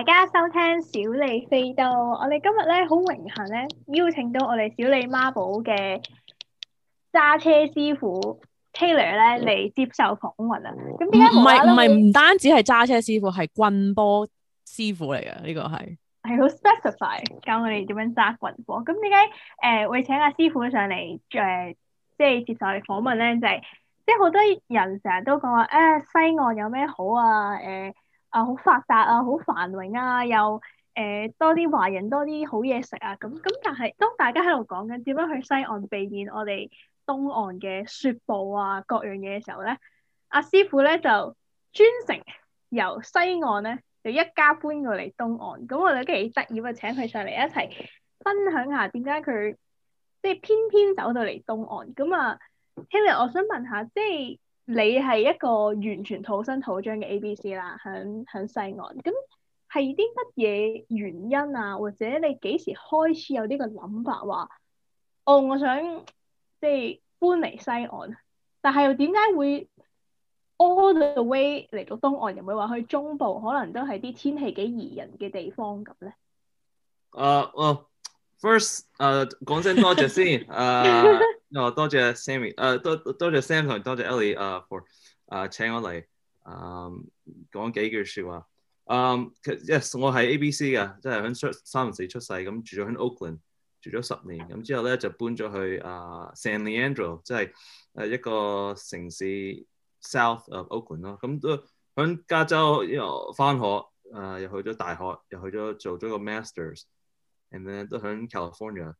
大家收聽小李非都。我哋今日咧好榮幸咧，邀請到我哋小李孖寶嘅揸車師傅 Taylor 咧嚟接受訪問啊。咁點解唔係唔係唔單止係揸車師傅，係棍波師傅嚟嘅，呢個係係好 specify 教我哋點樣揸棍波。咁點解誒會請阿師傅上嚟誒、呃、即係接受我哋訪問咧？就係、是、即係好多人成日都講話誒西岸有咩好啊誒。呃啊，好發達啊，好繁榮啊，又誒、呃、多啲華人，多啲好嘢食啊，咁咁但係當大家喺度講緊點樣去西岸避免我哋東岸嘅雪暴啊各樣嘢嘅時候咧，阿、啊、師傅咧就專程由西岸咧就一家搬過嚟東岸，咁我哋都幾得意啊，請佢上嚟一齊分享下點解佢即係偏偏走到嚟東岸，咁啊 h e 我想問下即係。你係一個完全土生土長嘅 A.B.C 啦，響響西岸，咁係啲乜嘢原因啊？或者你幾時開始有呢個諗法話，哦，我想即係搬離西岸，但係又點解會 all the way 嚟到東岸？又唔會話去中部，可能都係啲天氣幾宜人嘅地方咁咧？誒誒、uh, uh,，first 誒、uh,，講聲多謝先誒。No 多謝 Sammy，多多謝 Sam 同多謝 Ellie，呃 for 請我嚟講幾句嘢先喎。Yes 我係 ABC 嘅，即係喺三藩市出世，咁住咗喺 Oakland，住咗十年，咁之後咧就搬咗去啊 San Leandro 即係誒一個城市 South of Oakland 咯。咁都喺加州又返學，誒又去咗大學，又去咗做咗個 masters，咁咧都喺 California。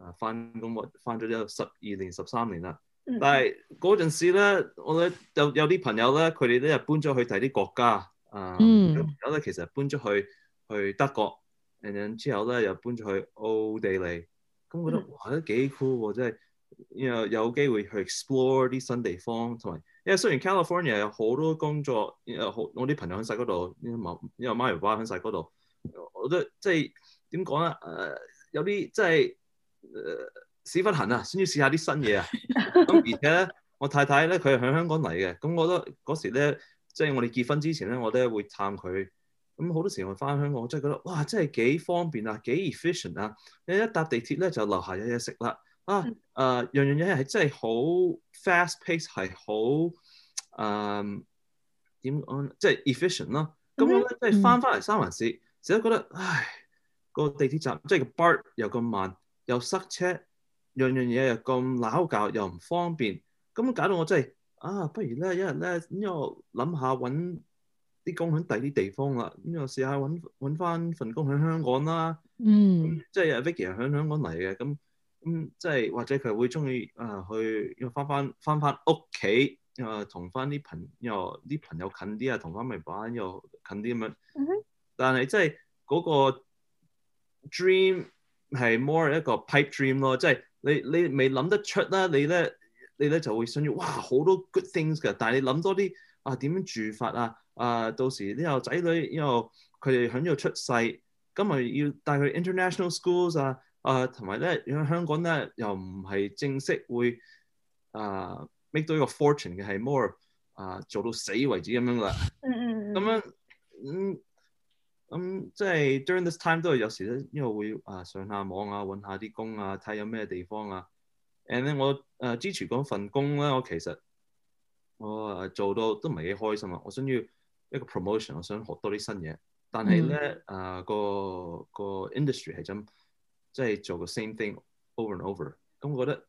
啊！返工我返咗有十二年、十三年啦，嗯、但係嗰陣時咧，我咧有有啲朋友咧，佢哋都又搬咗去第啲國家啊。咁有咧其實搬咗去去德國，嗯、然之後咧又搬咗去奧地利。咁、嗯嗯、覺得哇，都幾酷喎！即係因為有機會去 explore 啲新地方，同埋因為雖然 California 有好多工作，好 you know, 我啲朋友喺曬嗰度，因為因為 Marie 巴喺曬嗰度，我覺得即係點講咧？誒、呃，有啲即係。誒，屎忽痕啊，先至試下啲新嘢啊。咁、嗯、而且咧，我太太咧佢係喺香港嚟嘅，咁我都嗰時咧，即係我哋結婚之前咧，我都會探佢。咁好多時我翻香港，我真係覺得哇，真係幾方便啊，幾 efficient 啊。你一搭地鐵咧就樓下有嘢食啦。啊，誒、呃、樣樣嘢係真係好 fast pace，係好誒點講，即係 efficient 咯、啊。咁咧即係翻翻嚟三藩市，成日 覺得唉，那個地鐵站即係個 BART 又咁慢。又塞車，樣樣嘢又咁撈搞，又唔方便，咁搞到我真係啊，不如咧一日咧，呢個諗下揾啲工喺第二啲地方啦，呢個試下揾揾翻份工喺香港啦、嗯嗯，嗯，即係 Vicky 喺香港嚟嘅，咁咁即係或者佢會中意啊去要翻翻翻翻屋企，啊同翻啲朋友，啲、啊、朋友近啲啊，同翻朋友近啲咁樣，啊嗯、哼但係即係嗰、嗰個 dream。係 more 一個 pipe dream 咯，即係你你未諗得出啦，你咧你咧就會想要：「哇好多 good things 㗎，但係你諗多啲啊點樣住法啊，啊到時呢個仔女呢個佢哋響呢度出世，今日要帶佢 international schools 啊，啊同埋咧喺香港咧又唔係正式會啊 make 到一個 fortune 嘅，係 more 啊做到死為止咁樣㗎啦，咁樣嗯。咁即係 during this time 都係有時咧，因為會啊上下網啊，揾下啲工啊，睇下有咩地方啊。And 咧我誒之前嗰份工咧，我其實我誒、啊、做到都唔係幾開心啊。我想要一個 promotion，我想學多啲新嘢。但係咧誒個個 industry 係咁，即係做個 same thing over and over、嗯。咁我覺得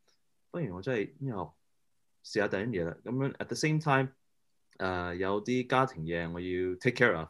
不如我真係因為試下第二嘢啦。咁樣 at the same time 誒、啊、有啲家庭嘢我要 take care of。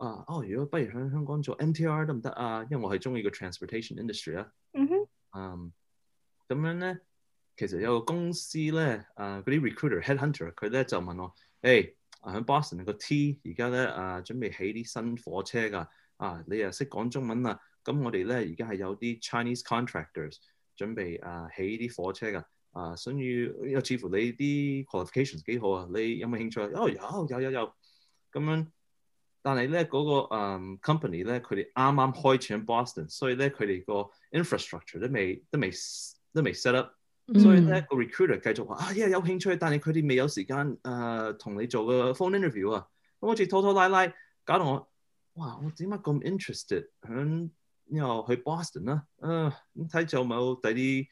啊哦，uh, 如果不如喺香港做 MTR 得唔得啊？因為我係中意個 transportation industry 啊。嗯哼、mm。嗯，咁樣咧，其實有個公司咧，誒、啊、嗰啲 recruiter headhunter 佢咧就問我，誒、hey, 喺、啊、Boston 個 T 而家咧誒準備起啲新火車㗎。啊，你又、啊、識講中文啊？咁、啊、我哋咧而家係有啲 Chinese contractors 準備誒起啲火車㗎。啊，所以又、啊、似乎你啲 qualifications 幾好啊？你有冇興趣哦、oh，有有有有，咁樣。但係咧嗰個誒 company 咧，佢哋啱啱開設喺 Boston，所以咧佢哋個 infrastructure 都未都未都未 set up，所以咧個 recruiter 繼續話：啊，依家有興趣，但係佢哋未有時間誒同你做個 phone interview 啊，咁好似拖拖拉拉，搞到我哇，我點解咁 interested 響呢個去 Boston 啦？啊，你睇仲有冇第啲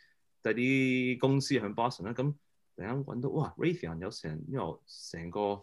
第啲公司響 Boston 咧？咁突然揾到哇，Raytheon 有成呢個成個。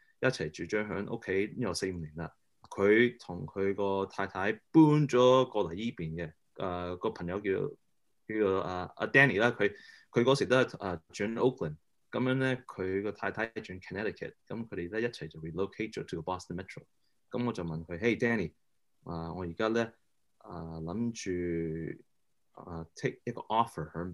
一齊住住響屋企，因為我四五年啦，佢同佢個太太搬咗過嚟依邊嘅。誒、呃嗰個朋友叫叫做阿、啊、Danny 啦，佢佢嗰時都係誒轉 Oakland，咁樣咧佢個太太轉 Connecticut，咁佢哋咧一齊就 relocate 咗到 Boston Metro。咁我就問佢，Hey Danny，啊、呃，我而家咧啊諗住啊 take 一個 offer 響。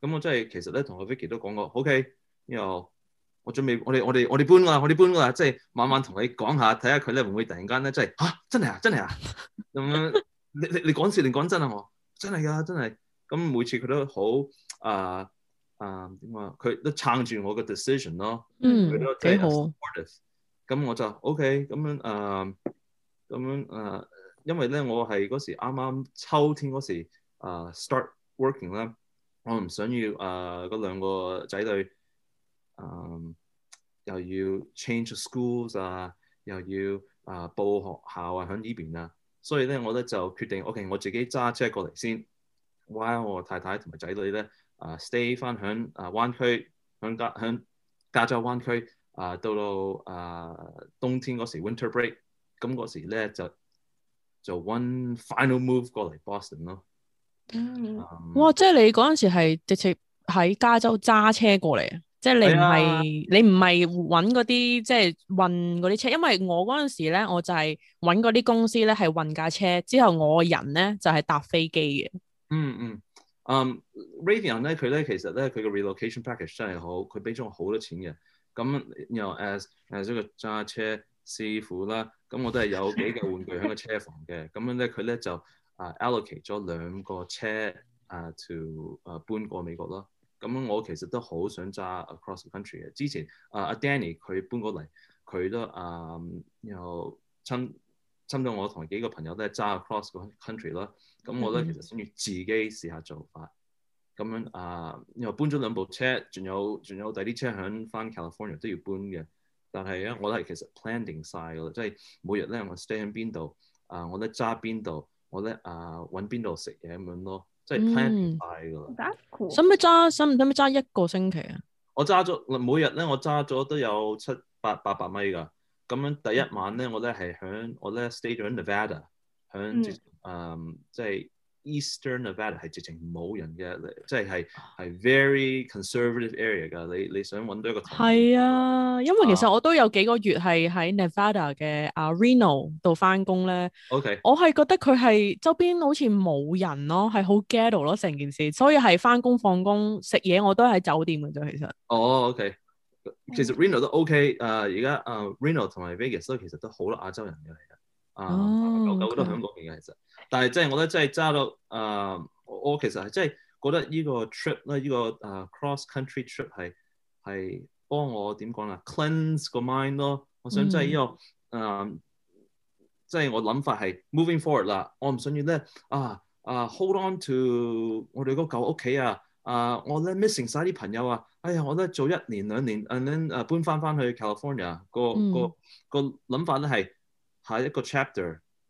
咁我真係其實咧，同阿 Vicky 都講過，OK，然後我準備我哋我哋我哋搬啦，我哋搬啦，即係晚晚同你講下，睇下佢咧會唔會突然間咧真係嚇真係啊真係啊咁樣，你你你講笑定講真啊？我真係噶真係，咁每次佢都好啊啊點話，佢都撐住我個 decision 咯，佢都 take o r t 咁我就 OK，咁樣啊咁樣啊，因為咧我係嗰時啱啱秋天嗰時啊 start working 啦。我唔想要啊嗰、uh, 兩個仔女啊、um, 又要 change schools 啊、uh, 又要啊、uh, 報學校啊喺呢邊啊，uh. 所以咧我咧就決定 OK 我自己揸車過嚟先，while 我太太同埋仔女咧啊、uh, stay 翻喺啊灣區喺加喺加州灣區啊、uh, 到到啊、uh, 冬天嗰時 winter break，咁嗰時咧就就 one final move 過嚟 Boston 咯、uh. 嗯，哇！即係你嗰陣時係直接喺加州揸車過嚟，即係你唔係、啊、你唔係搵嗰啲即係運嗰啲車，因為我嗰陣時咧，我就係搵嗰啲公司咧係運架車，之後我人咧就係、是、搭飛機嘅。嗯嗯，嗯，Radian 咧，佢、um, 咧其實咧，佢個 relocation package 真係好，佢俾咗我好多錢嘅。咁然後誒誒，呢個揸車師傅啦，咁我都係有幾個玩具喺個車房嘅。咁樣咧，佢咧就。就啊、uh，allocate 咗兩個車啊、uh，to uh, 搬過美國咯。咁我其實都好想揸 across the country 嘅。之前啊，阿、uh, Danny 佢搬過嚟，佢都啊又親親到我同幾個朋友都係揸 across the country 咯。咁我咧、mm hmm. 其實先要自己試下做法。咁樣啊，又、uh, 搬咗兩部車，仲有仲有第啲車響翻 California 都要搬嘅。但係咧，我都係其實 planning 晒曬㗎喇，即係每日咧我 stay 喺邊度啊，我都揸邊度。我咧啊，揾邊度食嘢咁樣咯，即係 plan 唔快噶啦。使唔使揸？使唔使揸一個星期啊？我揸咗，每日咧我揸咗都有七八八百米噶。咁樣第一晚咧、嗯，我咧係響我咧 stay 咗喺 Nevada，響誒、嗯呃、即係。Eastern Nevada 係直情冇人嘅，即係係係 very conservative area 㗎。你你想搵到一個係啊，因為其實我都有幾個月係喺 Nevada 嘅啊 Reno 度翻工咧。OK，我係覺得佢係周邊好似冇人咯，係好 ghetto 咯成件事，所以係翻工放工食嘢我都喺酒店嘅啫。其實哦，OK，其實 Reno 都 OK、呃。誒而家誒、呃、Reno 同埋 Vegas，所以其實都好多亞洲人嘅嚟嘅。啊、呃，九九、哦、香港嚟嘅 okay. 其實。但係真係，就是、我覺得真係揸到誒、uh, 我其實係真係覺得個 trip、這個 uh, 呢個 trip 咧，呢個誒 cross-country trip 係係幫我點講啦，cleanse 個 mind 咯、哦。我想真係呢個誒，真、uh, 係我諗法係 moving forward 啦。我唔想要咧啊啊 hold on to 我哋嗰舊屋企啊啊，我咧 missing 晒啲朋友啊。哎呀，我咧做一年兩年，and then 誒、uh, 搬翻翻去 California 個、mm. 個個諗法咧係下一個 chapter。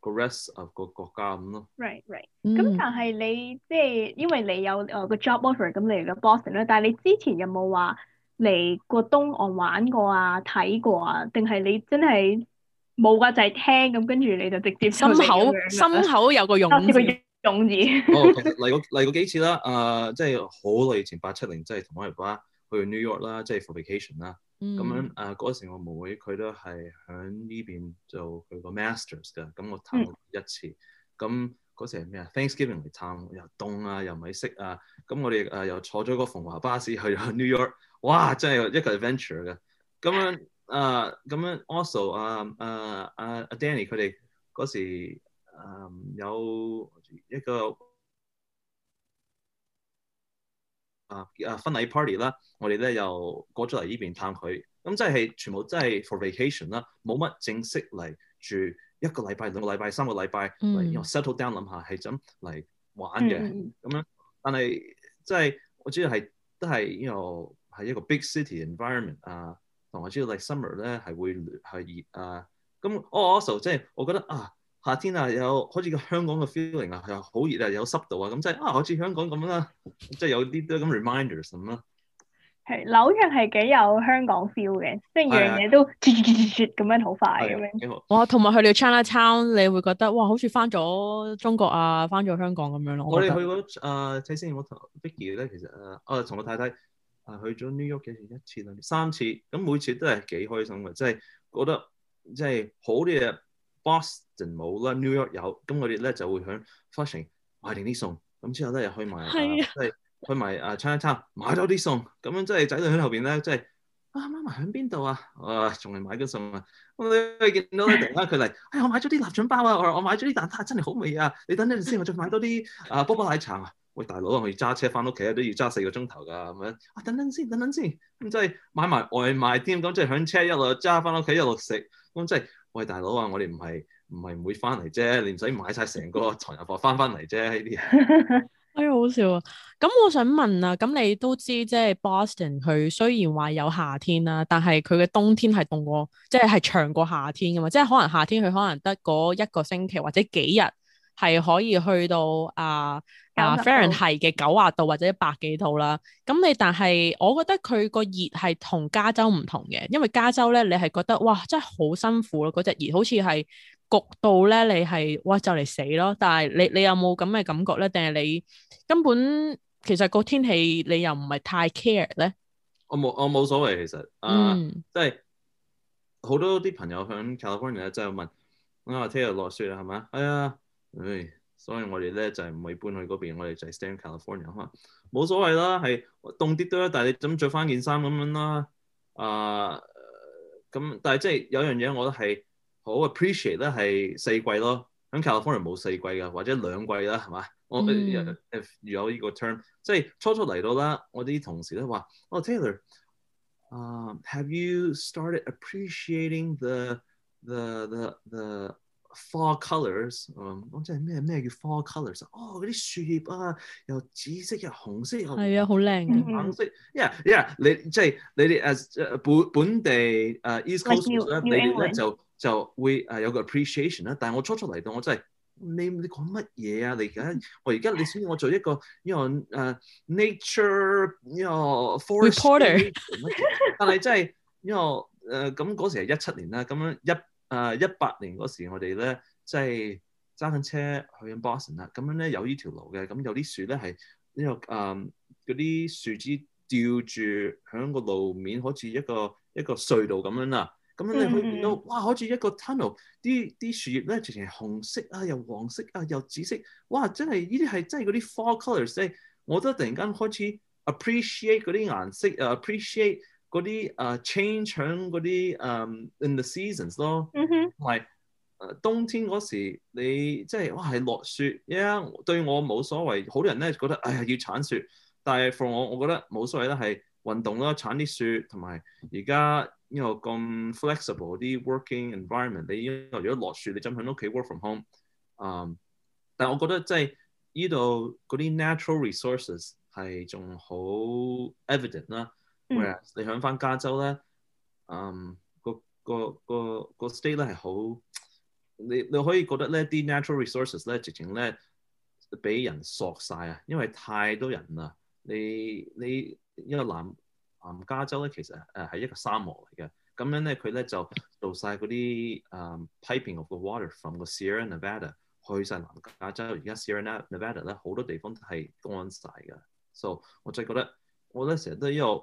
個 rest of 個國家咁咯，right right，咁、mm hmm。但係你即係因為你有誒個 job offer，咁你嚟到 Boston 啦，但係你之前有冇話嚟過東岸玩過啊？睇過啊？定係你真係冇噶？就係、是、聽咁，跟住，你就直接心口心口有個勇字，哦，嚟過嚟過幾次啦，誒、呃，即係好耐以前八七零即係同我爸爸去 New York 啦，即係 for vacation 啦。咁、嗯、樣啊，嗰、uh, 時我妹妹佢都係喺呢邊做佢個 masters 㗎，咁我探一次，咁嗰、嗯、時係咩啊？Thanksgiving 嚟探，又凍啊，又唔係識啊，咁我哋誒、uh, 又坐咗個鳳華巴士去 New York，哇，真係一個 adventure 嘅，咁樣誒，咁、uh, 樣 also 啊、uh, uh, uh, uh,，誒誒阿 Danny 佢哋嗰時有一個。啊！啊，uh, 婚禮 party 啦，我哋咧又過咗嚟呢邊探佢，咁即係全部真係 for vacation 啦，冇乜正式嚟住一個禮拜、兩個禮拜、三個禮拜嚟，然後、mm. you know, settle down 諗下係怎嚟玩嘅咁樣。Mm. 但係即係我主要係都係又係一個 big city environment 啊、uh,。同我主要 like, summer 咧係會係熱啊。咁，我、uh, also 即、就、係、是、我覺得啊。夏天啊，有好似個香港嘅 feeling 啊，係好熱啊，有濕度啊，咁、嗯、即係啊，好似香港咁啦、啊，即係有啲啲咁 reminders 咁、啊、啦，係紐約係幾有香港 feel 嘅，即係的樣嘢都唰唰唰咁樣好快咁樣。我同埋去到 China Town，你會覺得哇，好似翻咗中國啊，翻咗香港咁樣咯。我哋去過啊，睇、呃、先，我同 Vicky 咧，其實啊，我、呃、同我太太啊、呃、去咗 New York 幾次啦，三次，咁每次都係幾開心嘅，即、就、係、是、覺得即係、就是、好啲嘢。Boston 冇啦，New York 有，咁我哋咧就會喺 Flushing 買定啲餸，咁之後咧又去買，即係是、啊啊就是、去買啊 China，uh, Town, 買多啲餸，咁樣即係仔女喺後邊咧，即、就、係、是、啊媽咪喺邊度啊？啊，仲係買咗餸啊！咁你見到咧，突然間佢嚟，哎我買咗啲臘腸包啊，我我買咗啲蛋撻，真係好味啊！你等一陣先，我再買多啲啊波波奶茶啊！喂，大佬，啊，我要揸車翻屋企啊，都要揸四個鐘頭噶，咁樣啊等等先，等等先，咁即係買埋外賣添，咁即係喺車一路揸翻屋企一路食，咁即係。喂，大佬啊，我哋唔係唔係唔會翻嚟啫，你唔使買晒成個全日貨翻翻嚟啫呢啲嘢。 哎呀，好笑啊！咁我想問啊，咁你都知即係 Boston，佢雖然話有夏天啦，但係佢嘅冬天係凍過，即係係長過夏天㗎嘛，即係可能夏天佢可能得嗰一個星期或者幾日。係可以去到啊啊 Fahrenheit 嘅九十度或者一百幾度啦。咁你但係我覺得佢個熱係同加州唔同嘅，因為加州咧你係覺得哇真係好辛苦咯，嗰隻熱好似係焗到咧你係哇就嚟死咯。但係你你有冇咁嘅感覺咧？定係你根本其實個天氣你又唔係太 care 咧？我冇我冇所謂其實，uh, 嗯，即係好多啲朋友響 California 咧就問，我話聽日落雪啦係咪？係啊。唉、哎，所以我哋咧就係唔係搬去嗰邊，我哋就係 Stay in California 啊，冇所謂啦，係凍啲都啦，但係你咁着翻件衫咁樣啦，啊，咁、嗯、但係即係有樣嘢我覺得係好 appreciate 咧，係四季咯，喺 California 冇四季噶，或者兩季啦，係嘛、mm.，我有有呢個 term，即係初初嚟到啦，我啲同事咧話，哦、oh, Taylor，啊、uh,，Have you started appreciating the the the the？the Fall colours，嗯，我真係咩咩叫 fall colours 啊？哦，嗰啲樹葉啊，又紫色，又紅色，又係啊，好靚嘅橙色。Yeah yeah，你即係你哋誒本本地誒 East Coast 咧，你咧就就會誒有個 appreciation 啦。但係我初初嚟到，我真係你你講乜嘢啊？你而家我而家你先要我做一個呢個誒 nature 呢個 reporter，但係真係因為誒咁嗰時係一七年啦，咁樣一。誒一八年嗰時我呢，我哋咧即係揸緊車去緊 Boston 啦，咁樣咧有呢條路嘅，咁有啲樹咧係呢個誒嗰啲樹枝吊住響個路面，好似一個一個隧道咁樣啦，咁樣你可以見到，嗯、哇，好似一個 tunnel，啲啲樹葉咧直情係紅色啊，又黃色啊，又紫色，哇，真係呢啲係真係嗰啲 four colors 咧，我都突然間開始 appreciate 嗰啲顏色，uh，appreciate。嗰啲啊 change 響嗰啲誒 in the seasons 咯，同埋誒冬天嗰時你即係哇係落雪，依、yeah, 家對我冇所謂。好多人咧覺得唉、哎、要鏟雪，但係 for 我，我覺得冇所謂啦，係運動啦，鏟啲雪同埋而家呢度咁 flexible 啲 working environment，你因為如果落雪你準備喺屋企 work from home，誒，um, 但係我覺得即係依度嗰啲 natural resources 係仲好 evident 啦。係啊，嗯、你響翻加州咧，嗯，個個個個 state 咧係好，你你可以覺得咧啲 natural resources 咧直情咧俾人索晒啊，因為太多人啦。你你因為、這個、南南加州咧其實誒係一個沙漠嚟嘅，咁樣咧佢咧就做晒嗰啲誒、嗯、piping of the water from the Sierra Nevada 去晒南加州。而家 Sierra Nevada 咧好多地方都係乾晒㗎。所、so, 以我就覺得我咧成日都一路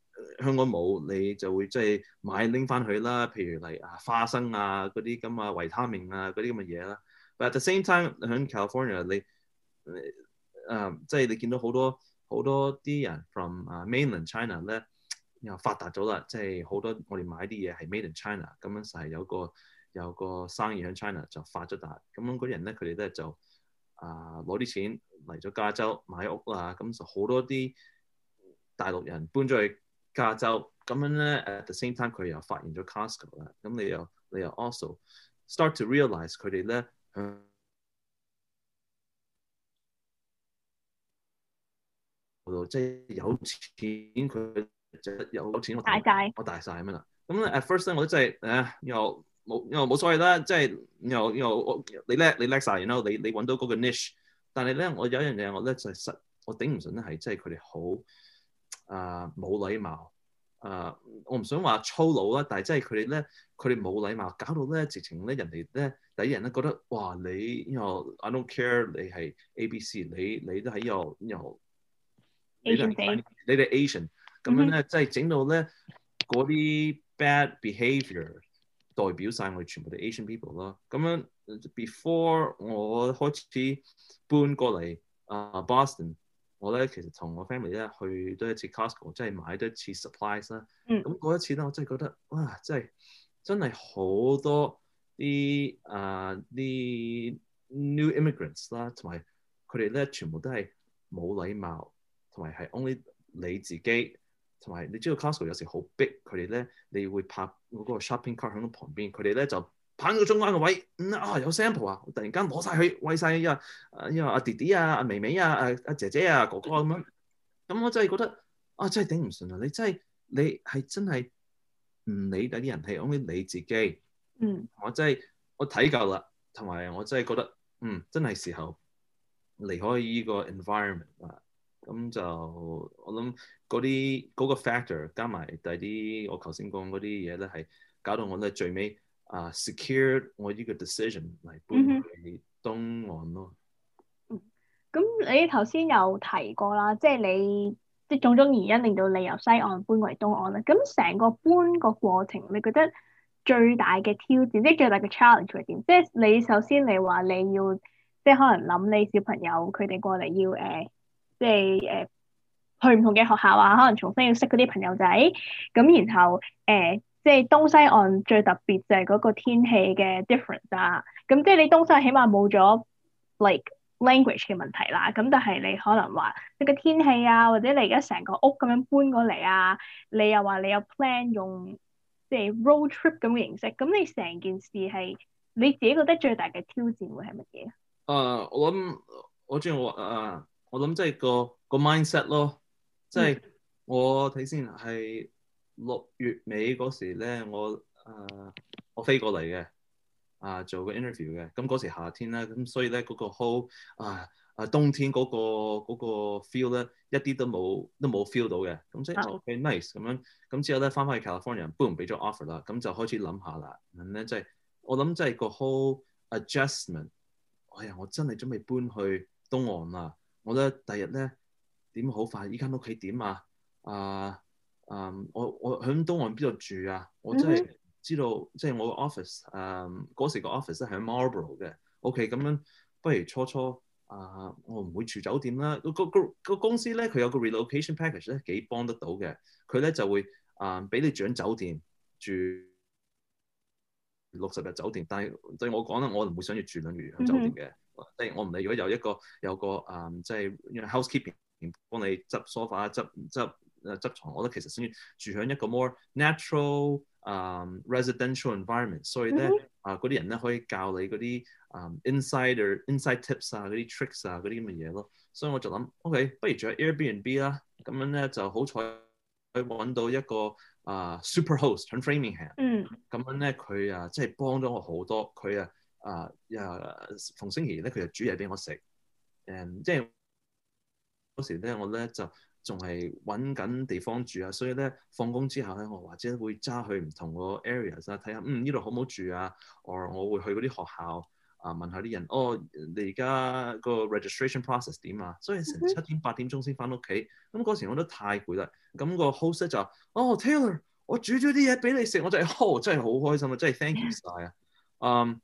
香港冇你就會即係、就是、買拎翻去啦，譬如嚟啊花生啊嗰啲咁啊維他命啊嗰啲咁嘅嘢啦。But at the same time 喺 California 你誒、嗯、即係你見到好多好多啲人 from 啊 mainland China 咧又發達咗啦，即係好多我哋買啲嘢係 made in China，咁樣就係有個有個生意喺 China 就發咗達，咁樣嗰啲人咧佢哋都係就啊攞啲錢嚟咗加州買屋啦，咁就好多啲大陸人搬咗去。加州咁樣咧，at the same time 佢又發現咗 Costco 啦。咁你又你又 also start to realize 佢哋咧，即係有錢佢有錢我大曬，我大曬係咩啦？咁咧 at first 咧我真係唉又冇又冇所謂啦，即係又又我你叻你叻曬，然後你你揾到嗰個 niche。但係咧我有一樣嘢我咧就係實我頂唔順咧係即係佢哋好。啊，冇禮貌啊！我唔想話粗魯啦，但係真係佢哋咧，佢哋冇禮貌，搞到咧，直情咧人哋咧第啲人咧覺得，哇！你 you know，I don't care，你係 ABC，你你都喺度，you，Asian，你哋 Asian，咁樣咧，即係整到咧嗰啲 bad behavior 代表曬我哋全部嘅 Asian people 咯。咁樣 before 我開始搬過嚟啊 Boston。我咧其實同我 family 咧去多一次 Costco，即係買多一次 supplies 啦、嗯。咁嗰一次咧，我真係覺得哇，真係真係好多啲啊啲 new immigrants 啦，同埋佢哋咧全部都係冇禮貌，同埋係 only 你自己，同埋你知道 Costco 有時好逼呢，佢哋咧你會拍嗰個 shopping cart 響度旁邊，佢哋咧就～行到中間個位，嗯啊、哦、有 sample 啊，突然間攞晒佢喂晒、因為。一啊一阿、啊、弟弟啊阿微微啊誒阿、啊啊啊、姐姐啊哥哥咁、啊、樣，咁、嗯、我真係覺得啊真係頂唔順啊！你真係你係真係唔理第啲人係，我可以理自己，嗯，嗯我真係我睇夠啦，同埋我真係覺得嗯真係時候離開依個 environment 啊，咁就我諗嗰啲嗰個 factor 加埋第啲我頭先講嗰啲嘢咧，係搞到我咧最尾。啊，secure 我呢個 decision 嚟、like, 嗯、哼搬去東岸咯。嗯，咁你頭先有提過啦，即係你即係種種原因令到你由西岸搬過嚟東岸啦。咁成個搬個過程，你覺得最大嘅挑戰，即係最大嘅 challenge 係點？即係你首先你話你要，即係可能諗你小朋友佢哋過嚟要誒、呃，即係誒、呃、去唔同嘅學校啊，可能重新要識嗰啲朋友仔。咁然後誒。呃即係東西岸最特別就係嗰個天氣嘅 difference 啊，咁即係你東西岸起碼冇咗 like language 嘅問題啦，咁但係你可能話你個天氣啊，或者你而家成個屋咁樣搬過嚟啊，你又話你有 plan 用即係 road trip 咁嘅形式，咁你成件事係你自己覺得最大嘅挑戰會係乜嘢啊？誒、uh，我諗、uh, 我即係我誒，我諗即係個個 mindset 咯，即係、嗯、我睇先係。六月尾嗰時咧，我誒、呃、我飛過嚟嘅，啊、呃、做個 interview 嘅，咁嗰時夏天啦，咁所以咧嗰、嗰個 whole 啊啊冬天嗰、嗰個、嗰個、feel 咧一啲都冇都冇 feel 到嘅，咁即係 ok nice 咁樣，咁之後咧翻返去 California，都唔俾咗 offer 啦，咁就開始諗下啦，咁咧即係我諗即係個 whole adjustment，哎呀我真係準備搬去東岸啦，我咧第日咧點好快而家屋企點啊啊！呃啊、um, 我我喺東岸邊度住啊？我真係知道，即係、mm hmm. 我個 office，um, 嗰嗰個 office，嗯，嗰時個 office 咧喺 Marble 嘅。OK，咁樣不如初初啊，uh, 我唔會住酒店啦。個個個公司咧，佢有個 relocation package 咧，幾幫得到嘅。佢咧就會啊，俾、um, 你住喺酒店住六十日酒店。但係對我講咧，我唔會想要住兩月喺酒店嘅。即係、mm hmm. 我唔理，如果有一個有個啊，即、um, 係 housekeeping 幫你執梳化啊，執執。誒執牀，我覺得其實先住喺一個 more natural 誒 residential environment，所以咧啊，嗰啲人咧可以教你嗰啲誒 insider inside tips，啊嗰啲 tricks，啊嗰啲咁嘅嘢咯，所以我就諗，OK，不如住喺 Airbnb 啦，咁樣咧就好彩揾到一個誒 super host，喺 Framingham，嗯，咁樣咧佢啊，即係幫咗我好多，佢啊啊，又逢星期日咧佢就煮嘢俾我食，誒即係。嗰時咧，我咧就仲係揾緊地方住啊，所以咧放工之後咧，我或者會揸去唔同個 area 啊，睇下嗯呢度好唔好住啊，或我會去嗰啲學校啊、呃、問，問下啲人，哦你而家個 registration process 點啊？所以成七點八點鐘先翻屋企，咁嗰時，時我都太攰啦，咁、個 host 就話，哦 Taylor，我煮咗啲嘢俾你食，我就係，哦真係好開心啊，真係 thank you 曬啊。嗯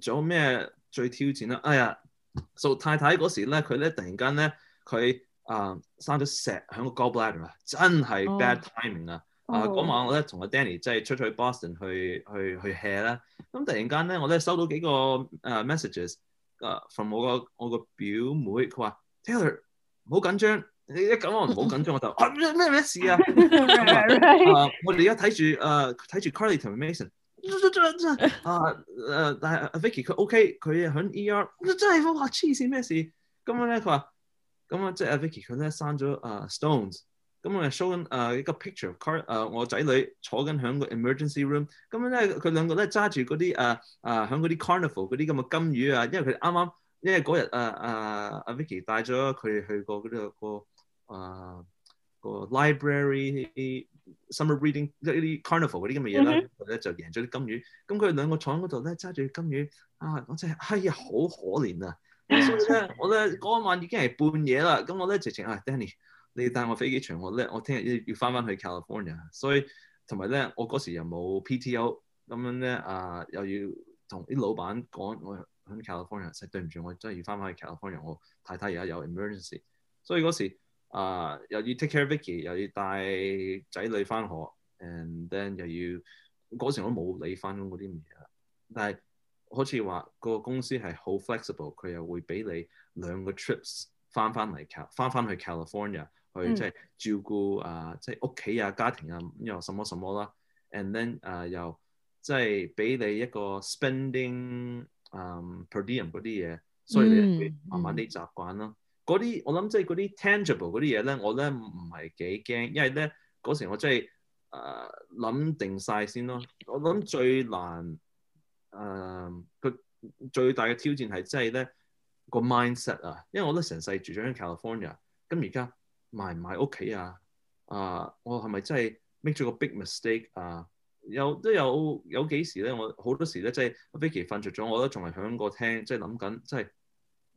仲有咩最挑戰啊？哎呀～蘇太太嗰時咧，佢咧突然間咧，佢啊生咗石喺個 gallbladder 啊，真係 bad timing 啊！啊嗰晚我咧同阿 Danny 即係出咗去 Boston 去去去 hea 啦，咁突然間咧，我咧收到幾個誒 messages 誒 from 我個我個表妹，佢話 Taylor 唔好緊張，你一咁我唔好緊張，我就啊咩咩事啊！啊我哋而家睇住誒睇住 Carly 同埋 Mason。啊！誒，但係阿 Vicky 佢 OK，佢喺 ER，真係我話黐線，咩事？咁樣咧，佢話咁啊，即係阿 Vicky 佢咧生咗啊 stones，咁我 show 緊誒一個 picture of car，誒我仔女坐緊喺個 emergency room，咁樣咧佢兩個咧揸住嗰啲誒誒喺嗰啲 carnival 嗰啲咁嘅金魚啊，因為佢啱啱因為嗰日誒誒阿 Vicky 帶咗佢去過嗰度個個 library summer reading 一啲 carnival 嗰啲咁嘅嘢啦，佢咧、mm hmm. 就贏咗啲金魚。咁佢哋兩個坐喺嗰度咧，揸住金魚啊，我真係哎呀好可憐啊！ 所以咧，我咧嗰、那個、晚已經係半夜啦。咁我咧直情啊、哎，Danny，你帶我飛機場，我咧我聽日要要翻翻去 California。所以同埋咧，我嗰時又冇 PTO 咁樣咧啊、呃，又要同啲老闆講，我喺 California，實對唔住，我真係要翻翻去 California。我太太而家有 emergency，所以嗰時。啊，又要、uh, take care Vicky，又要帶仔女翻學，and then 又要嗰時我都冇理翻嗰啲嘢啦。但係好似話個公司係好 flexible，佢又會俾你兩個 trips 翻翻嚟 c a 翻翻去 California 去即係照顧啊即係屋企啊家庭啊又什麼什麼啦，and then 啊又即係俾你一個 spending u、um, per diem 嗰啲嘢，所以你慢慢啲習慣咯。嗰啲我諗即係嗰啲 tangible 嗰啲嘢咧，我咧唔係幾驚，因為咧嗰時我真係誒諗定晒先咯。我諗最難誒，佢、呃、最大嘅挑戰係即係咧個 mindset 啊，因為我都成世住咗喺 California，咁而家賣唔賣屋企啊？啊、呃，我係咪真係 make 咗個 big mistake 啊？有都有有幾時咧？我好多時咧即係 Vicky 瞓着咗，我都仲係響個廳，即係諗緊，即係。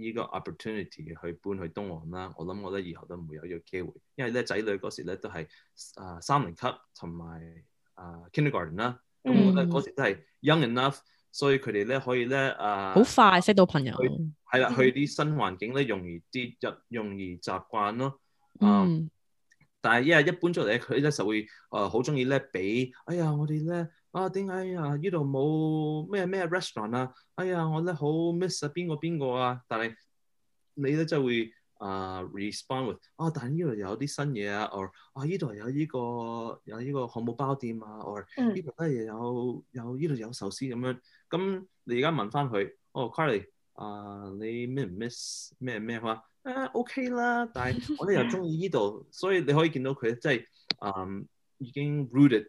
呢個 opportunity 去搬去東岸啦，我諗我覺得以後都唔會有呢個機會，因為咧仔女嗰時咧都係啊、呃、三級、呃、年級同埋啊 kindergarten 啦，咁、嗯、我咧嗰時都係 young enough，所以佢哋咧可以咧啊好快識到朋友，係啦、啊，去啲新環境咧容易啲，入，容易習慣咯，嗯，嗯但係因為一般出嚟，佢咧就會啊好中意咧俾，哎呀我哋咧。哎啊點解啊？依度冇咩咩 restaurant 啊？哎呀，我咧好 miss 啊邊個邊個啊！但係你咧真係會啊、uh, respond with？、Oh, 啊，但係呢度又有啲新嘢啊，哦、啊，啊依度有依個有呢個漢堡包店啊，哦、啊，呢度咧又有有依度有壽司咁、啊、樣。咁、嗯嗯、你而家問翻佢，哦、oh, Carly、uh, 啊，你咩唔 miss 咩咩？佢話啊 OK 啦，但係我咧又中意依度，所以你可以見到佢即係嗯、um, 已經 rooted。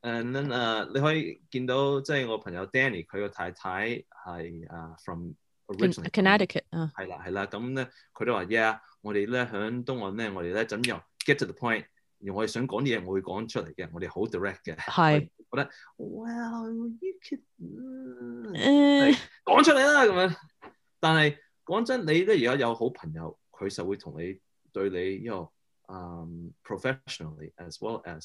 誒，嗱，你可以見到，即係我朋友 Danny 佢個太太係啊，from originally Connecticut。係啦，係啦，咁咧，佢都話，yeah，我哋咧響東岸咧，我哋咧怎樣 get to the point，我哋想講啲嘢，我會講出嚟嘅，我哋好 direct 嘅。係，覺得，well，you can，講出嚟啦，咁樣。但係講真，你咧而家有好朋友，佢就會同你對你呢個，嗯，professionally as well as。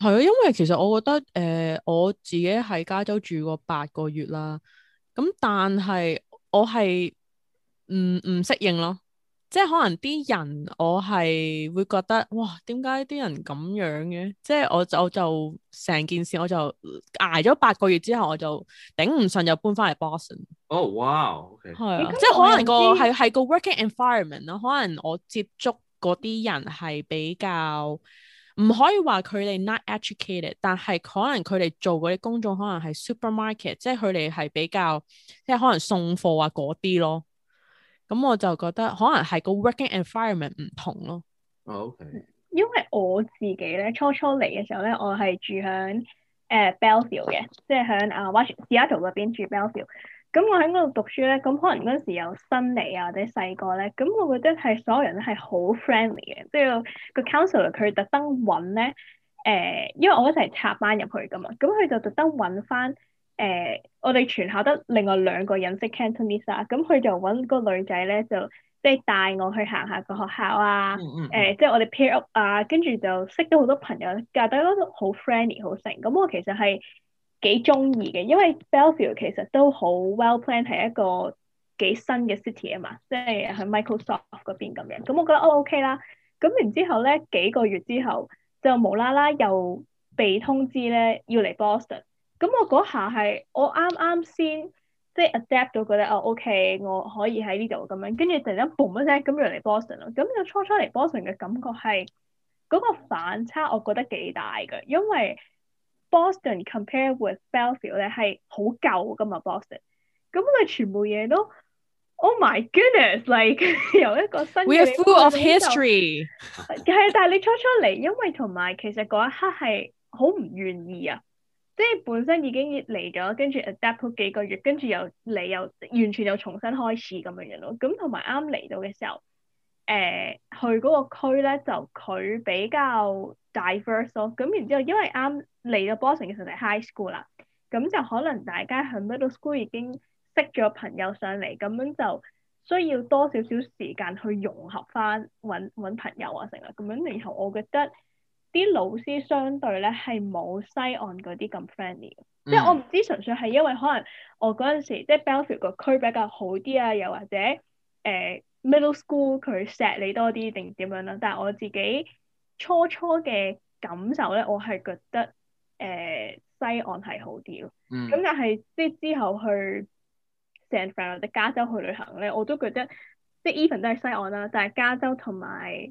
係啊，因為其實我覺得，誒、呃，我自己喺加州住過八個月啦，咁、嗯、但係我係唔唔適應咯，即係可能啲人我係會覺得，哇，點解啲人咁樣嘅？即係我就我就成件事，我就挨咗八個月之後，我就頂唔順，就搬翻嚟 Boston。哦，哇，OK，係啊，即係可能個係係、嗯、個 working environment 啦，可能我接觸嗰啲人係比較。唔可以話佢哋 not educated，但係可能佢哋做嗰啲工種可能係 supermarket，即係佢哋係比較即係可能送貨啊嗰啲咯。咁、嗯、我就覺得可能係個 working environment 唔同咯。哦、okay. 因為我自己咧初初嚟嘅時候咧，我係住響誒、uh, Bellevue 嘅，即係響啊 Washington Seattle 嗰邊住 Bellevue。Bel 咁我喺嗰度讀書咧，咁可能嗰時有新嚟啊，或者細個咧，咁我覺得係所有人都係好 friendly 嘅。之、就、後、是那個 counselor 佢特登揾咧，誒、欸，因為我一齊插班入去噶嘛，咁佢就特登揾翻誒，我哋全校得另外兩個人識 c o u n s e l 咁佢就揾個女仔咧，就即係帶我去行下個學校啊，誒、欸，即、就、係、是、我哋 pair、er、up 啊，跟住就識到好多朋友，架底都好 friendly，好成。咁我其實係。幾中意嘅，因為 Belfield 其實都好 well p l a n n 係一個幾新嘅 city 啊嘛，即係喺 Microsoft 嗰邊咁樣。咁我覺得、哦、OK 啦。咁然後之後咧幾個月之後就無啦啦又被通知咧要嚟 Boston。咁我嗰下係我啱啱先即係 adapt 到覺得哦 OK 我可以喺呢度咁樣，跟住突然間 boom 一聲咁又嚟 Boston 啦。咁我初初嚟 Boston 嘅感覺係嗰、那個反差，我覺得幾大嘅，因為。Boston compare with Belleville 咧係好舊㗎嘛，Boston。咁佢全部嘢都，Oh my goodness！Like 有一個新，We are full of history。係啊，但係你初初嚟，因為同埋其實嗰一刻係好唔願意啊，即係本身已經嚟咗，跟住 adapt 咗幾個月，跟住又嚟又完全又重新開始咁樣樣咯。咁同埋啱嚟到嘅時候。誒、呃、去嗰個區咧，就佢比較 diverse 咯。咁然之後，因為啱嚟到 Boston 其實係 high school 啦，咁就可能大家喺 middle school 已經識咗朋友上嚟，咁樣就需要多少少時間去融合翻，揾揾朋友啊，成啊，咁樣。然後我覺得啲老師相對咧係冇西岸嗰啲咁 friendly，即係、嗯、我唔知純粹係因為可能我嗰陣時即係 Bellevue 個區比較好啲啊，又或者誒。呃 Middle School 佢錫你多啲定點樣啦？但係我自己初初嘅感受咧，我係覺得誒、呃、西岸係好啲咯。咁、嗯、但係即係之後去 San Fran 或者加州去旅行咧，我都覺得即係 even 都係西岸啦。但係加州同埋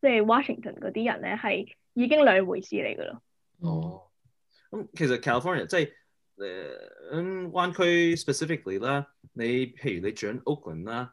即係 Washington 嗰啲人咧，係已經兩回事嚟噶咯。哦，咁其實 California 即、就、係、是、誒、呃、灣區 specifically 啦，你譬如你住喺 Oakland 啦。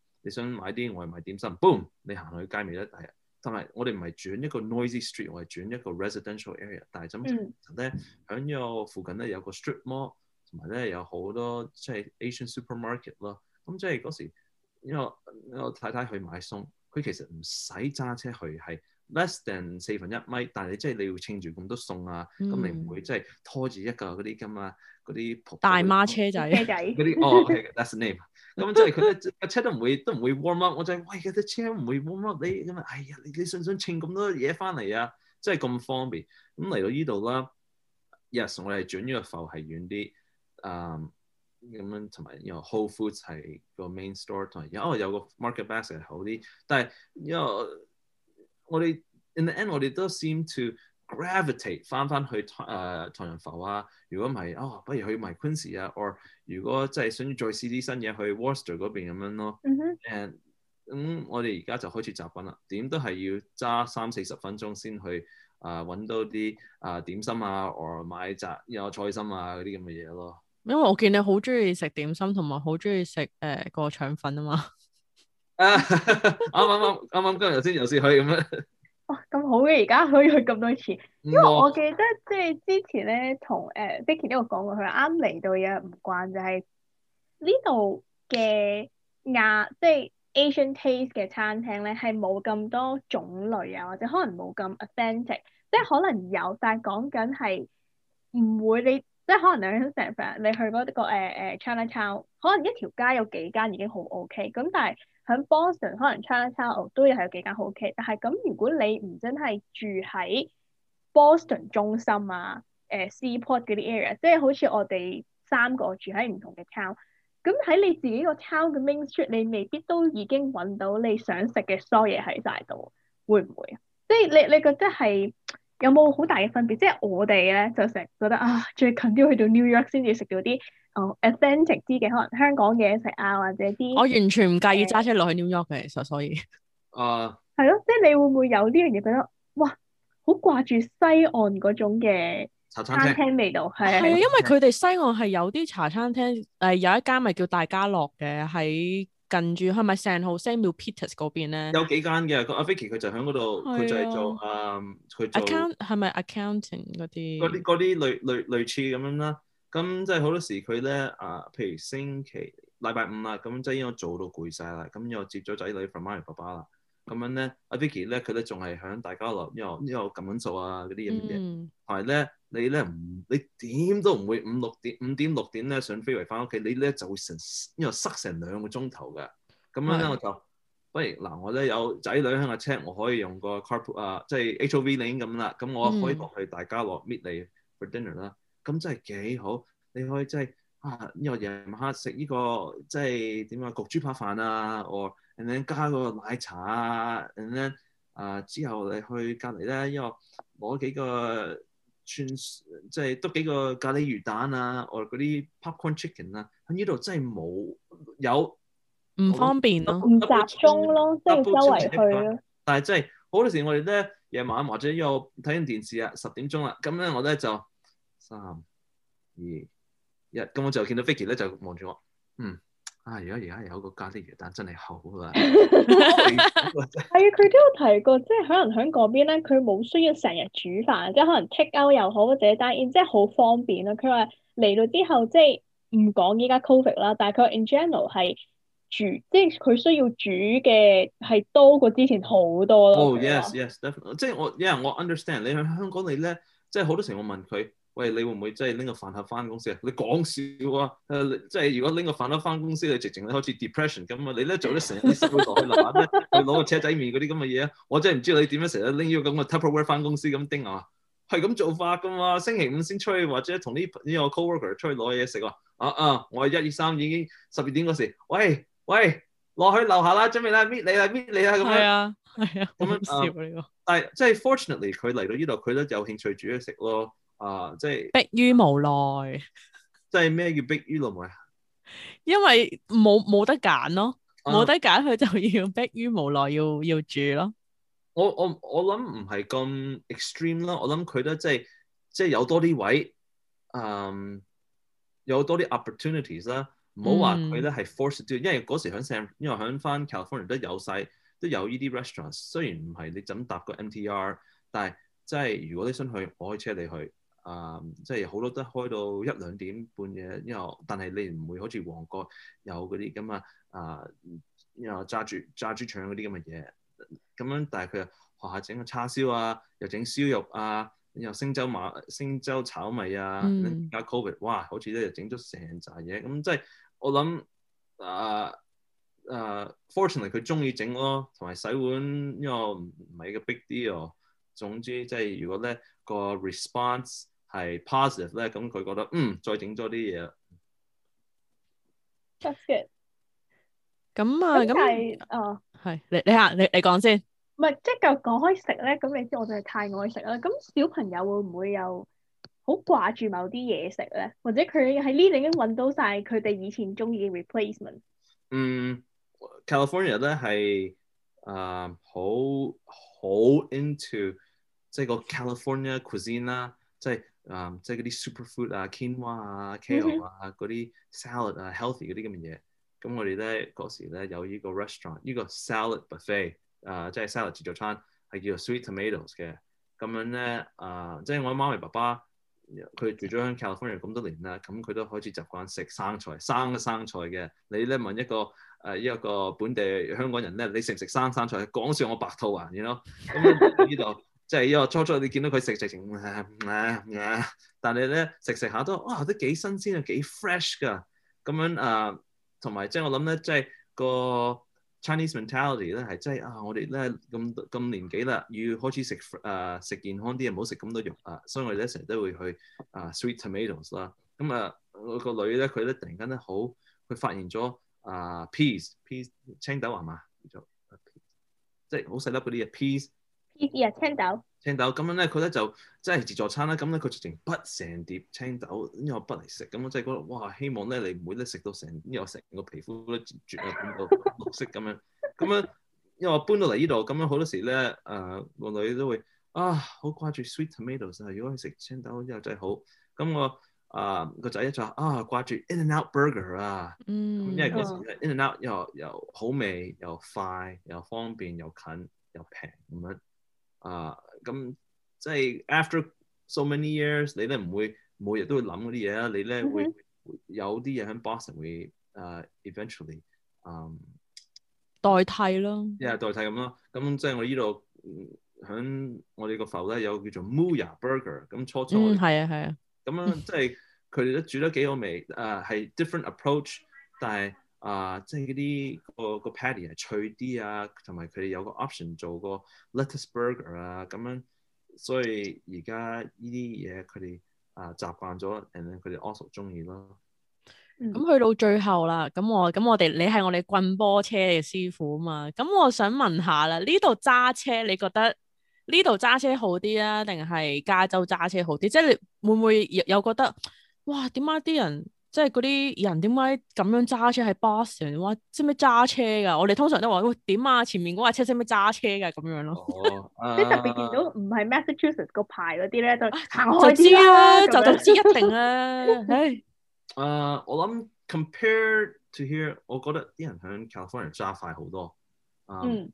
你想買啲，外賣點心，boom！你行去街未得？但係同埋我哋唔係轉一個 noisy street，我係轉一個 residential area 但。但係點咧？喺呢個附近咧有個 strip mall，同埋咧有好多即係、就是、Asian supermarket 咯。咁即係嗰時，因為我太太去買餸，佢其實唔使揸車去，係 less than 四分一米。但係你即係、mm hmm. 你要稱住咁多餸啊，咁你唔會即係拖住一嚿嗰啲咁啊。嗰啲大媽車仔，嗰啲哦，係嘅，that's name。咁即係佢啲架車都唔會都唔會 warm up。我就係喂，嗰啲車唔會 warm up 你咁啊！哎呀，你你信唔信稱咁多嘢翻嚟啊？真係咁方便。咁嚟到呢度啦。Yes，我哋轉咗個浮係遠啲。嗯，咁樣同埋因為 Whole Foods 係個 main store 同埋，哦有個 market basket 係好啲。但係因為我哋 in the end，我哋都 seem to，gravitate 翻翻去誒、呃、唐人埠啊，如果唔係哦，不如去埋 Quincy 啊，或如果真係想要再試啲新嘢，去 Worcester 嗰邊咁樣咯。誒、mm，咁、hmm. 嗯、我哋而家就開始集品啦。點都係要揸三四十分鐘先去啊，揾、呃、到啲啊、呃、點心啊，或買扎有菜心啊嗰啲咁嘅嘢咯。因為我見你好中意食點心，同埋好中意食誒個腸粉啊嘛。啱啱啱啱啱今日先又試去咁樣。嗯哇，咁好嘅，而家可以去咁多次，嗯、因為我記得即係、就是、之前咧，同誒 Vicky 呢個講過，佢啱嚟到嘢唔慣，就係呢度嘅亞即係、就是、Asian Taste 嘅餐廳咧，係冇咁多種類啊，或者可能冇咁 authentic，即係可能有，但係講緊係唔會你即係可能兩三份，你去嗰、那個誒、呃呃、China Town 可能一條街有幾間已經好 OK，咁但係。喺 Boston 可能 Charlestown 都有係有幾間好嘅，但係咁如果你唔真係住喺 Boston 中心啊，誒 Seaport 嗰啲 area，即係好似我哋三個住喺唔同嘅 town，咁喺你自己個 town 嘅 main street，你未必都已經揾到你想食嘅 s 疏嘢喺晒度，會唔會？即係你你覺得係？有冇好大嘅分別？即係我哋咧就成日覺得啊，最近都要去到 New York 先至食到啲哦 authentic 啲嘅，可能香港嘢食啊或者啲。我完全唔介意揸車落去 New York 嘅，所、呃、所以。啊。係咯，即係你會唔會有呢樣嘢覺得，哇！好掛住西岸嗰種嘅茶餐廳味道係。係啊，因為佢哋西岸係有啲茶餐廳，誒有一間咪叫大家樂嘅喺。近住係咪成號 Samuel Peters 嗰邊咧？有幾間嘅，阿 Vicky 佢就喺嗰度，佢、啊、就係做誒，佢、嗯、account 係咪 accounting 嗰啲？嗰啲啲類類類似咁樣啦。咁即係好多時佢咧誒，譬如星期禮拜五啊，咁即係已經早到攰晒啦。咁又接咗仔女 from 媽咪爸爸啦。咁樣咧，阿 Vicky 咧，佢咧仲係響大家樂，因為因為咁樣做啊嗰啲嘢嘅，同埋咧你咧唔，你點都唔會五六點五點六點咧想飛回翻屋企，你咧就會成因為塞成兩個鐘頭嘅，咁樣咧我就喂，嗱、mm hmm.，我咧有仔女響架車，我可以用個 carpool 啊，即係 H O V lane 咁啦，咁我可以過去大家樂 meet 你 for dinner 啦、mm，咁、hmm. 真係幾好，你可以即係啊，因為夜晚黑食呢個即係點啊焗豬扒飯啊，我。加個奶茶啊，人咧啊之後你去隔離咧，因為攞幾個串，即係篤幾個咖喱魚蛋啊，或嗰啲 popcorn chicken 啊，喺呢度真係冇，有唔方便咯，唔集、啊、中咯，即係周圍去咯、啊。但係即係好多時我哋咧夜晚或者因為睇緊電視啊，十點鐘啦，咁咧我咧就三二一，咁我就見到 Vicky 咧就望住我，嗯。啊！而家而家有個咖喱魚蛋真係好啊！係啊，佢都有提過，即係可能喺嗰邊咧，佢冇需要成日煮飯，即係可能 takeout 又好，或者單，即係好方便咯。佢話嚟到之後，即係唔講依家 covid 啦，但係佢 in general 係煮，即係佢需要煮嘅係多過之前好多咯。哦、oh，yes yes，definitely，即係我因為、yeah, 我 understand 你喺香港你咧，即係好多時我問佢。喂，你會唔會真係拎個飯盒翻公司啊？你講笑啊！誒，即係如果拎個飯盒翻公司，你直情好似 depression 咁啊！呃、你咧做得成日啲濕咗落去樓下，咧你攞個車仔麵嗰啲咁嘅嘢啊！我真係唔知你點樣成日拎呢個咁嘅 Tupperware 翻公司咁叮啊！係咁做法噶嘛？星期五先出去，或者同啲呢個 co-worker 出去攞嘢食啊！啊啊，我一二三已經十二點嗰時，喂喂，落去樓下啦，準備啦，meet 你啦，meet 你啦，咁樣係啊係啊，咁、啊、樣但係即係、就是、fortunately，佢嚟到呢度，佢都有興趣煮嘢食咯。啊，uh, 即係逼於無奈，即係咩叫逼於，uh, 於無奈？因為冇冇得揀咯，冇得揀，佢就要逼於無奈，要要住咯。我我我諗唔係咁 extreme 啦，我諗佢都即係即係有多啲位，um, do, 嗯，有多啲 opportunities 啦。唔好話佢咧係 force do，因為嗰時響 San 因為響翻 California 都有晒，都有呢啲 restaurants。雖然唔係你怎搭個 MTR，但係即係如果你想去，我可以車你去。啊，um, 即係好多都開到一兩點半嘅，因為但係你唔會好似旺角有嗰啲咁啊，啊，然後炸豬炸豬腸嗰啲咁嘅嘢，咁樣但係佢又學下整個叉燒啊，又整燒肉啊，又星洲馬星洲炒米啊，而家 covid，哇，好似咧又整咗成扎嘢，咁、嗯、即係我諗啊啊，fortunately 佢中意整咯，同埋洗碗因為唔係一個 big deal，、啊、總之即係如果咧個 response 係 positive 咧，咁佢覺得嗯，再整咗啲嘢。Just get。咁啊，咁係啊，係你你啊，你你講先。唔係，即係講講開食咧，咁你知我哋太愛食啦。咁小朋友會唔會有好掛住某啲嘢食咧？或者佢喺呢度已經揾到晒佢哋以前中意嘅 replacement？嗯，California 咧係誒、呃、好好 into 即係個 California cuisine 啦、啊。即係誒、嗯，即係嗰啲 super food 啊，Kinwa 啊 Kale 啊，嗰啲 salad 啊，healthy 嗰啲咁嘅嘢。咁我哋咧嗰時咧有依個 restaurant，呢個 salad buffet，誒、呃、即係 salad 自助餐，係叫 sweet tomatoes 嘅。咁樣咧誒、呃，即係我媽咪爸爸，佢住咗喺 California 咁多年啦，咁佢都開始習慣食生菜、生嘅生菜嘅。你咧問一個誒、呃、一個本地香港人咧，你食唔食生生菜？講笑我白兔啊，你 you know 咯。咁呢度。即係因為初初你見到佢食食情誒咩，但係你咧食食下，都哇都幾新鮮啊，幾 fresh 㗎咁樣啊，同埋即係我諗咧，即係個 Chinese mentality 咧係真係啊，我哋咧咁咁年紀啦，要開始食誒食健康啲，唔好食咁多肉啊，所以我哋咧成日都會去啊 sweet tomatoes 啦，咁啊我個女咧佢咧突然間咧好，佢發現咗啊 peas peas 青豆係嘛，叫做即係好細粒嗰啲嘢 peas。啊，yeah, 青豆，青豆咁樣咧，佢咧就即係自助餐啦，咁咧佢直情不成碟青豆，因為我不嚟食，咁我真係覺得哇，希望咧你唔會咧食到成，因為我成個皮膚都轉啊咁個綠色咁樣，咁樣，因為我搬到嚟呢度，咁樣好多時咧，誒、呃，我女都會啊，好掛住 Sweet Tomatoes 啊，如果係食青豆又真係好，咁我、呃、啊個仔一就話啊掛住 In And Out Burger 啊，嗯，樣嗯因為嗰時 In And Out 又又好味又快又方便又近又平咁樣。啊，咁、uh, 即係 after so many years，你咧唔會每日都會諗嗰啲嘢啊，你咧會,會有啲嘢喺 Boston 會啊、uh, eventually 啊、um, 代替咯、yeah, 嗯，即係代替咁咯。咁即係我呢度喺我哋個鋪咧有叫做 Mooya Burger，咁初初嗯係啊係啊，咁樣即係佢哋都煮得幾好味，誒、uh, 係 different approach，但係。Uh, 那個那個、啊，即係嗰啲個個 patty 係脆啲啊，同埋佢哋有個 option 做個 lettuce burger 啊，咁樣，所以而家呢啲嘢佢哋啊習慣咗，and 佢哋 also 中意咯。咁去、嗯、到最後啦，咁我咁我哋你係我哋棍波車嘅師傅啊嘛，咁我想問下啦，呢度揸車你覺得呢度揸車好啲啊，定係加州揸車好啲？即係你會唔會有覺得哇？點解啲人？即係嗰啲人點解咁樣揸車喺巴士？哇！識唔識揸車噶？我哋通常都話：喂，點啊？前面嗰架車識唔識揸車噶？咁樣咯。哦。即特別見到唔係 Massachusetts 個牌嗰啲咧，就行開啲啦。就就知一定啦。唉。啊，我諗 compare to here，我覺得啲人喺 California 揸快好多。嗯。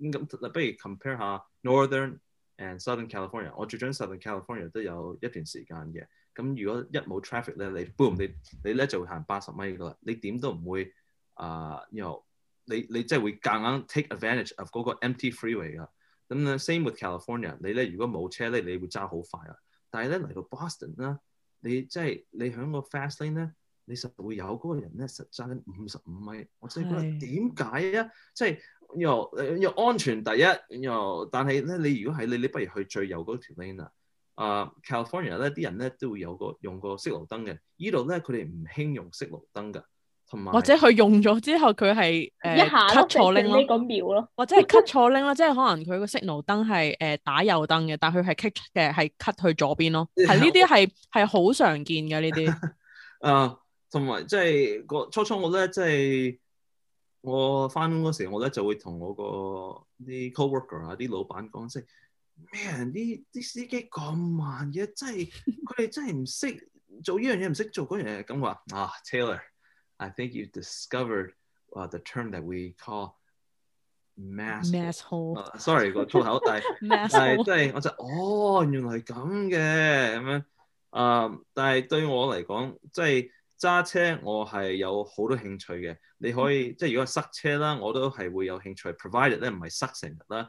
你咁，不如 compare 下 Northern and Southern California，我住咗 Southern California 都有一段時間嘅。咁、嗯、如果一冇 traffic 咧，你 boom，你你咧就會行八十米噶啦，你點都唔會啊又、uh, you know, 你你即係會夾硬 take advantage of 嗰個 empty freeway 噶。咁咧 the，same with California，你咧如果冇車咧，你會揸好快啊。但係咧嚟到 Boston 啦、就是，你即係你喺個 fast lane 咧，你實會有嗰個人咧實揸緊五十五米。我真係覺得點解啊？即係又又安全第一，又 you know, 但係咧，你如果係你，你不如去最右嗰條 lane 啊。啊、uh,，California 咧，啲人咧都會有個用個 signal 燈嘅，呢度咧佢哋唔興用 signal 燈㗎，同埋或者佢用咗之後佢係誒 cut 錯 lane 咯，或者係 cut 錯 lane 啦，那即係可能佢個 signal 燈係誒打右燈嘅，但佢係 cut 嘅係 cut 去左邊咯，係呢啲係係好常見嘅、 啊就是、呢啲、就是。啊，同埋即係個初初我咧即係我返工嗰時，我咧就會同我個啲 co-worker 啊啲老闆講聲。咩人啲啲司機咁慢嘅，真係佢哋真係唔識，識做呢樣嘢，唔識做嗰樣嘢，咁話啊，Taylor，I think you discovered, uh, the term that we call mass hole. Mass hole. Uh, sorry，我嘅粗口，但係，好大 hole.、就是。我就哦，原來係咁嘅咁樣啊，樣 uh, 但係對我嚟講，即係揸車，我係有好多興趣嘅。你可以 即係如果係塞車啦，我都係會有興趣。provided 咧，唔係塞成日啦。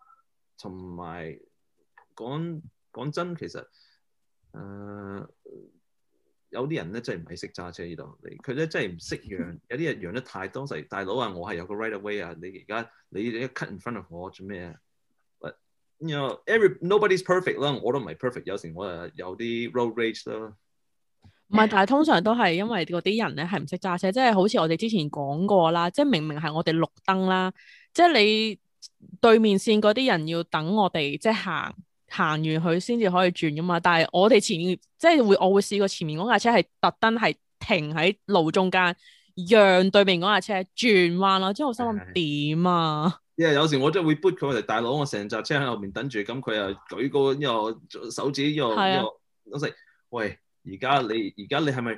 同埋講講真，其實誒有啲人咧真係唔係識揸車呢度嚟，佢咧真係唔識讓。有啲人讓得太多，成大佬話、啊、我係有個 right of way 啊！你而家你你 cut in front of 我做咩啊？因為 you know, every nobody's perfect 啦，我都唔係 perfect，有時我誒有啲 road rage 啦。唔係，但係通常都係因為嗰啲人咧係唔識揸車，即係好似我哋之前講過啦，即係明明係我哋綠燈啦，即係你。對面線嗰啲人要等我哋即係行行完佢先至可以轉噶嘛，但係我哋前面，即係會我會試過前面嗰架車係特登係停喺路中間讓對面嗰架車轉彎咯。之後我心諗點啊？因為、yeah, 有時我真係會撥佢，嚟，大佬我成紮車喺後面等住，咁佢又舉個又手指又又嗰時喂，而家你而家你係咪？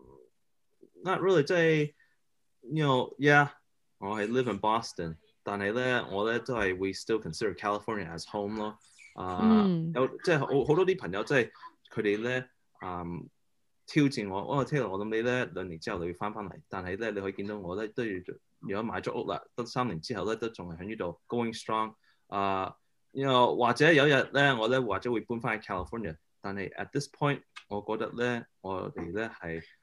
Not really 即係，you know，yeah，我係 live in Boston，但係咧我咧都係 we still consider California as home 咯。啊，有即係好好多啲朋友即係佢哋咧，嗯，挑戰我，我聽我諗你咧兩年之後就要翻翻嚟，但係咧你可以見到我咧都要，如果買咗屋啦，得三年之後咧都仲係喺呢度 going strong。啊，又或者有日咧我咧或者會搬翻去 California，但係 at this point 我覺得咧我哋咧係。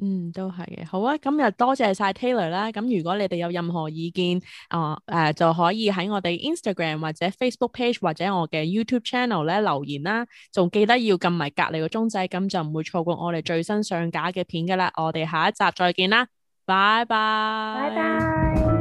嗯，都係嘅，好啊，咁又多謝晒 Taylor 啦。咁如果你哋有任何意見，哦、呃，誒、呃，就可以喺我哋 Instagram 或者 Facebook page 或者我嘅 YouTube channel 咧留言啦。仲記得要撳埋隔籬個鐘仔，咁就唔會錯過我哋最新上架嘅片㗎啦。我哋下一集再見啦，拜拜。拜拜。